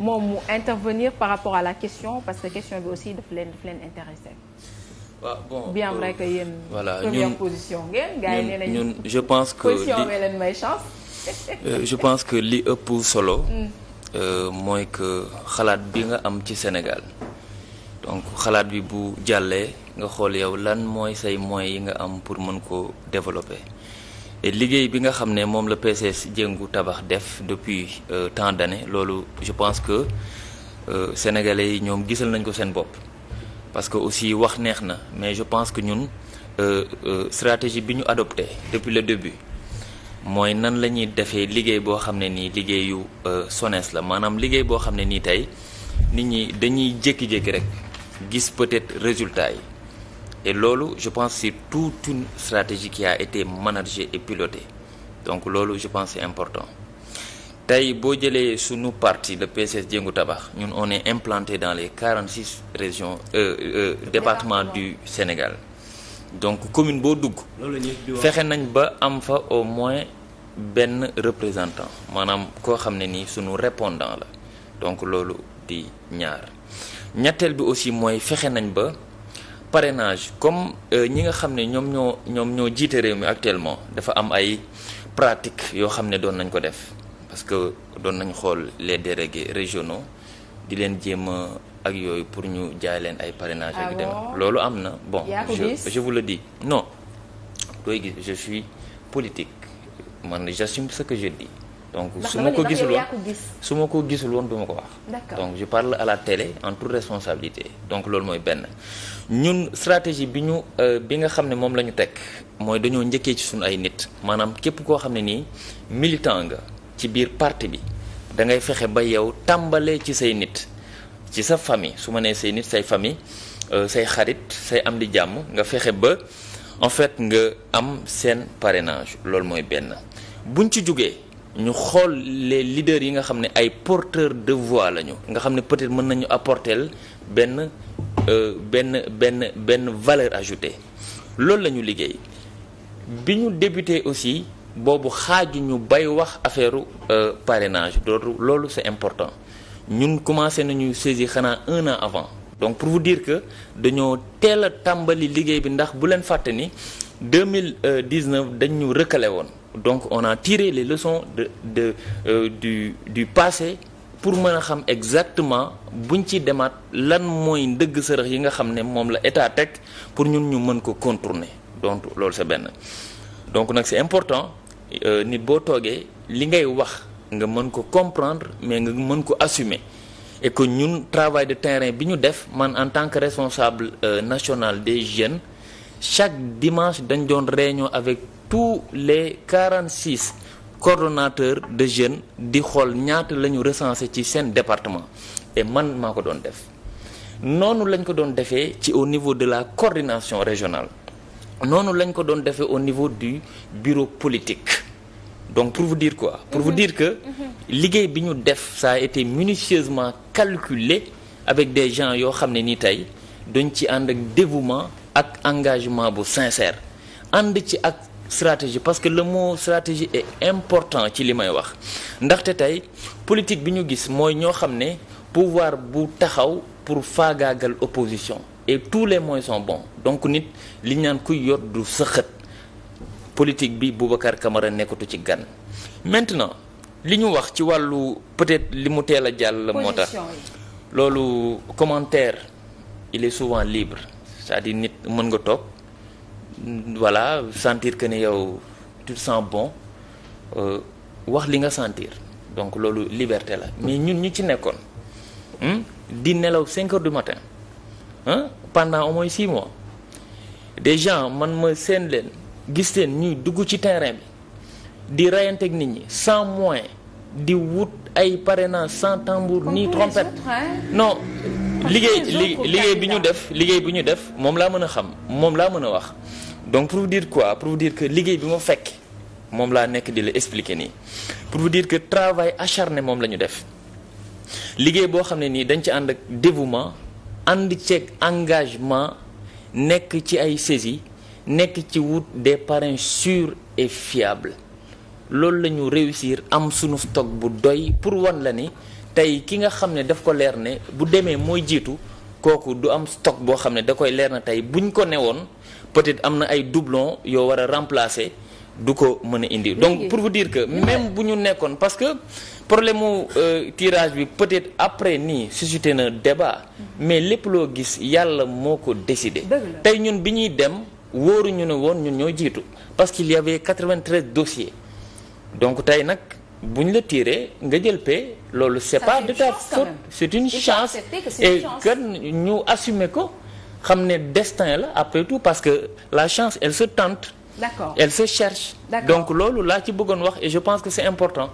moom mu intervenir par rapport à la question parce que question bi aussi daf leen daf leen intéressé. waaw bon bien vrai que yéen. voilà ñun position ngeen. gars yi nee nañu ñun je pense que position bi leen may chance. Euh, je pense que li ëpp solo. Mm. Euh, mooy que xalaat bi nga am ci Sénégal. donc xalaat bi bu jàllee nga xool yow lan mooy say moyens yi nga am pour mën ko développer. liggéey bi nga xam ne moom la PCS jëngu Tabax def depuis euh, tant d'années loolu je pense que euh, sénégalais yi ñoom gisal nañ ko seen bopp parce que aussi wax neex na mais je pense que ñun euh, euh stratégie bi ñu adopté depuis le début mooy nan la ñuy defee liggéey boo xam ne nii liggéeyu euh, SONES la maanaam liggéey boo xam ne nii tey nit ñi dañuy jékki-jékki rek gis peut-être résultat yi loolu je pense c'est toute une stratégie qui a été managée et pilotée donc loolu je pense c'est important tey boo jëlee sunu parti le PCS Jëngu Tabax ñun on est implanté dans les 46 régions euh, euh, départements du Sénégal donc commune boo dugg fexe nañ ba am fa au moins benn représentant maanaam koo xam ne nii sunu répondant la donc loolu di ñaar ñetteel bi aussi mooy fexe nañ ba parrainage comme euh, ñi nga xam ne ñoom ñoo ñoom ñoo jiite réew mi actuellement dafa am ay pratiques yoo xam ne doon nañ ko def parce que doon nañ xool les délégués régionaux di leen jéem ak yooyu pour ñu jaay leen ay parrainage ak ah dem loolu am na bon je je vous le dis non gis je suis politique man j'assume ce que je dis donc su ma ko gisul woon su ko gisul woon du ko wax donc je parle à la télé en toute responsabilité donc loolu mooy benn ñun stratégie bi ñu euh, bi nga xam ne moom la ñu teg mooy dañoo njëkkee ci suñu ay nit maanaam képp koo xam ne nii militant nga ci biir parti bi da ngay fexe ba yow tàmbalee ci say nit ci sa famille su ma nee say nit say famille euh, say xarit say am di jàmm nga fexe ba en fait nga am seen parrainage loolu mooy benn buñ ci jógee ñu xool les leaders yi nga xam ne ay porteurs de voix lañu nga xam ne peut-être mën nañu apporter benn euh, benn benn benn valeur ajoutée loolu lañu liggéey bi ñu débuté aussi boobu xaaju ñu bay wax affaire euh, parrainage dootu loolu c'est important ñun commencé nañu saisir xanaa un avant donc pour vous dire que dañoo teel a tàmbali liggéey bi ndax bu leen fàtte ni 2019 euh, dañ ñu recalé woon donc on a tiré les leçons de de euh, du du passé pour mën a xam exactement buñ ci demaat lan mooy ndëgg sërëx yi nga xam ne moom la état teg pour ñun ñu mën ko contourner donc loolu c'est benn donc nag c'est important euh, nit boo toogee li ngay wax nga mën ko comprendre mais nga mën ko assumer e que ñun travail de terrain bi ñu def man en tant que responsable euh, national des jeunes chaque dimanche dañ doon réunion avec tous les quarante six coordonnateurs de jeunes di xool ñaata la ñu recensé ci seen département et man maa ko doon def noonu lañ ko doon defee ci au niveau de la coordination régionale noonu lañ ko doon defee au niveau du bureau politique donc pour vous dire quoi pour vous mhm. dire que mhm. liggéey bi ñu def ça a été minutieusement calculé avec des gens yoo xam ne ni tey dañ ci ànd ak dévouement ak engagement bu sincère ànd ci ak stratégie parce que le mot stratégie est important ci li may wax ndaxte tey politique bi ñu gis mooy ñoo xam ne pouvoir bu taxaw pour faagaagal opposition et tous les moyens son bon donc nit li ñu naan kuy yor du sëxët politique bi Boubacar Camara nekkatu ci gan maintenant li ñu wax ci wàllu peut-être li mu teel a jàll moo tax loolu commentaire il est souvent libre cest nit mën nga toog voilà sentir que ne yow tu te bon euh, wax li nga sentir donc loolu liberté la mais ñun ñu ci nekkoon hmm, di nelaw cinq heures du matin pendant au moins 6 mois des man ma seen leen gis leen ñuy dugg ci terrain bi di reyanteeg nit ñi sans moyen. di wut ay parrainage sans tambour ni trompette non liggéey liggéey bi ñu def liggéey bi ñu def moom laa mën a xam moom laa mën a wax donc pour vous dire quoi pour vous dire que liggéey bi ma fekk moom laa nekk di la expliquer nii pour vous dire que travail acharné moom la ñu def liggéey boo xam ne nii dañ ci ànd ak dévouement ànd ceeg engagement nekk ci ay saisies nekk ci wut des parrains sur et fiables loolu la ñu réussir am sunu stock bu doy pour wan la ni tey ki nga xam ne daf ko leer ne bu demee mooy jiitu kooku du am stock boo xam ne da koy leer na tey buñ ko newoon peut-être am na ay doublon yoo war a remplacer du ko mën a indi. donc pour vu dire que même bu ñu nekkoon parce que problème mu euh, tirage bi peut-être après nii suscité na débat mhm. mais lépp loo gis yàlla moo ko décidé. tey ñun bi ñuy dem wóoruñu ne woon ñun ñoo jiitu parce qu'il y avait 93 dossiers. donc tey nag bu ñu la tiiree nga jël paie loolu c'est pas de ta faute c'est une chance et que ñu assumer ko xam ne destin la après tout parce que la chance elle se tente d'accord elle se cherche d'accord donc loolu laa ci bëggoon wax et je pense que c'est important